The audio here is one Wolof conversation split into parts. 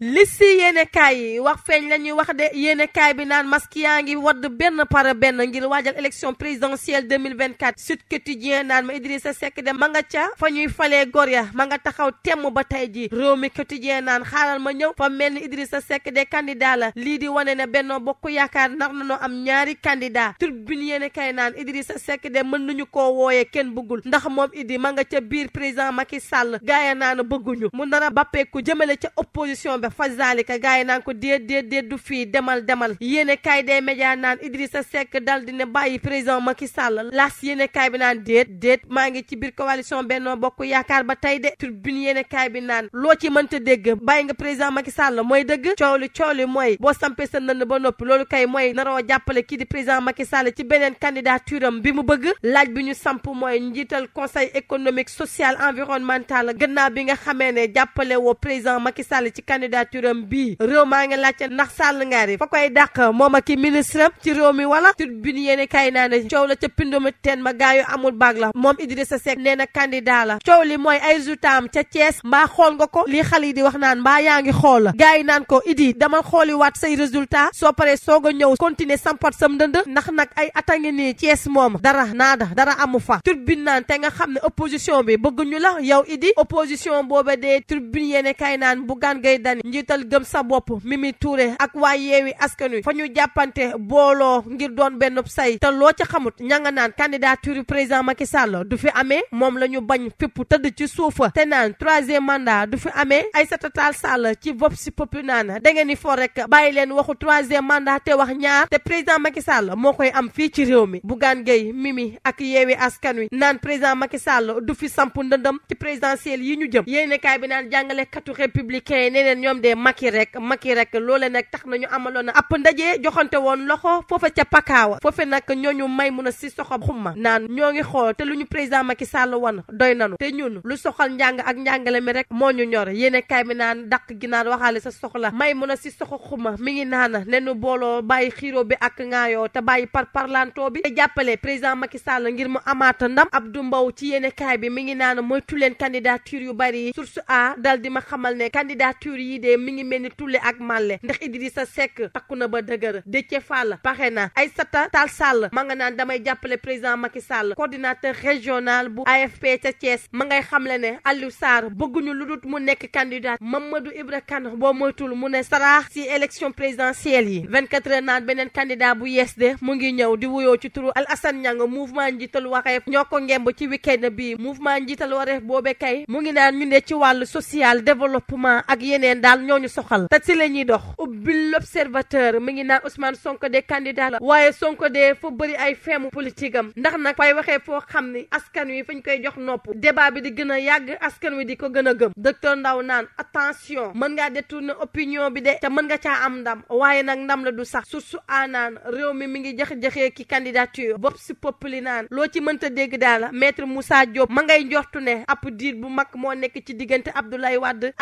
li si yéenekaay yi wax feeñ la ñuy wax de yéenekaay bi naan masque yaa ngi wadd benn par benn ngir waajal élection présidentielle 2024 Sud Quotidien naan ma Idrissa Seck de ma nga ca fa ñuy falee gor ya ma nga taxaw temm ba tey ji réew mi Quotidien naan xaaral ma ñëw fa mel ni sa Seck de candidat la lii di wane ne Benno Bokk Yaakaar nar nanoo am ñaari candidat Tribune yéenekaay naan sa Seck de mën ñu koo wooyee kenn bëggul ndax moom Idi ma nga ca biir président Macky Sall gaaya naan bëgguñu mu nar a bàppeeku ca opposition bi fazalika gars yi naan ko déet déet déet du fii demal demal yéene kaay des médias naan Idrissa Seck dal di ne bàyyi président Macky Sall las yéene kaay bi naan déet déet maa ngi ci biir coalition Benno Bokk Yaakaar ba tey de turbine yéene kaay bi naan loo ci mënta dégg bàyyi nga président Macky Sall mooy dëgg coow li coow li mooy boo sampee sa nënd ba noppi loolu kay mooy naroo jàppale kii di président Macky Sall ci beneen candidature am bi mu bëgg laaj bi ñu samp mooy njiital conseil économique social environnemental gannaaw bi nga xamee ne jàppale woo président Macky Sall ci candidat candidature am bii réew maa ngi laajte ndax Sall ngaari fa koy dàq moom ak i ministre am ci réew mi wala turbine yéen kay naa ne coow la ca pinduma teen ma gaayu amul baag la moom Idrissa Seck nee na candidat la coow li mooy ay résultat am ca Thiès mbaa xool nga ko lii xale yi di wax naan mbaa yaa ngi xool la gars yi naan ko Idi dama xooli waat say résultat soo paree soog a ñëw continuer sampat sam ndënd ndax nag ay at a ngi nii Thiès moom dara naada dara amu njiital gëm sa bopp Mimi Touré ak waa yeewi askan wi fa ñu jàppante booloo ngir doon benn say te loo ci xamut ña nga naan candidature président Macky Sall du fi amee moom la ñu bañ fépp tëdd ci suufa te naan troisième mandat du fi amee ay Aïssata Tall Sall ci Vox Populi naan da ngeen ni foo rek bàyyi leen waxu troisième mandat te wax ñaar te président Macky Sall moo koy am fii ci réew mi Bougane Gueye Mimi ak yeewi askan wi naan président Macky Sall du fi samp ndëndëm ci présidentielle yi ñu jëm yéen kaay bi naan jàngale katu républicain yi neneen ñoom àndee Macky rek Macky rek loole nag tax nañu amaloon na ab ndaje joxante woon loxo foofa a si soxo xumma naan ñoo te lu ñu président Macky Sall wan doy nanu te ñun lu soxal njàng ak njàngale mi rek moo ñu ñor yéene kaay bi naan dàq ginaar waxaale sa soxla may mun a si soxo xumma mi ngi naan ne nu booloo bàyyi xiiroo bi ak ŋaayoo te bàyyi par parlanto bi te jàppale président Macky Sall ngir mu amaata ndam Abdou Mbow ci yéene kaay mi ngi naan moytu leen candidature yu bari source a dal di ma xamal ne candidature yi de dee mi ngi mel ni tulle ak màlle ndax Idrissa Seck takku na ba dëgër Déthié Fall pare na Aïssata Tall Sall ma nga naan damay jàppale président Macky Sall coordinateur régional bu AFP ca Thiès ma ngay xamle ne Aliou saar bëgguñu lu dul mu nekk mam ma du Ibra Kane boo moytul mu ne saraax si élection présidentielle yi 24 heures naan beneen candidat bu yees de mu ngi ñëw di wuyoo ci turu Al Assane Niang mouvement njiital wareef ñoo ko ngemb ci week-end bi mouvement njiital wareef boobe kay mu ngi naan ñu ne ci wàllu social daal ñooñu soxal te si la ñuy dox ubbi l'observateur mi ngi naan Ousmane Sonko de candidat la waaye Sonko de fa bëri ay feemu politique am ndax nag fay waxee foo xam ni askan wi fañ koy jox nopp débat bi di gën a yàgg askan wi di ko gën a gëm docteur Ndaw naan attention mën ngaa détourner opinion bi de te mën nga caa am ndam waaye nag ndam la du sax sursu aanaan réew mi mu ngi jax-jaxee ki candidature bopp si li naan loo ci mënta dégg daala maître Moussa Diop ma ngay njortu ne ab diir bu mag moo nekk ci diggante Abdoulaye Wade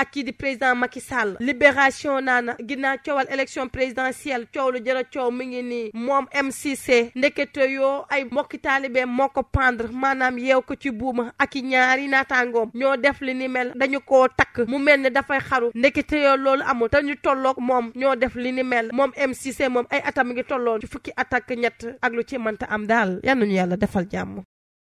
Sall libération naana ginnaaw coowal élection présidentielle coow lu jëra coow mi ngi nii moom MCC ndekete yoo ay mbokki taalibe moo ko pendre maanaam yeew ko ci buuma ak i ñaari naataangoom ñoo def li ni mel dañu koo takk mu mel ne dafay xaru ndekete yoo loolu amul te ñu tolloog moom ñoo def li ni mel moom MCC moom ay atam mi ngi tolloo ci fukki at ñett ak lu ci mënta am daal yal ñu yàlla defal jàmm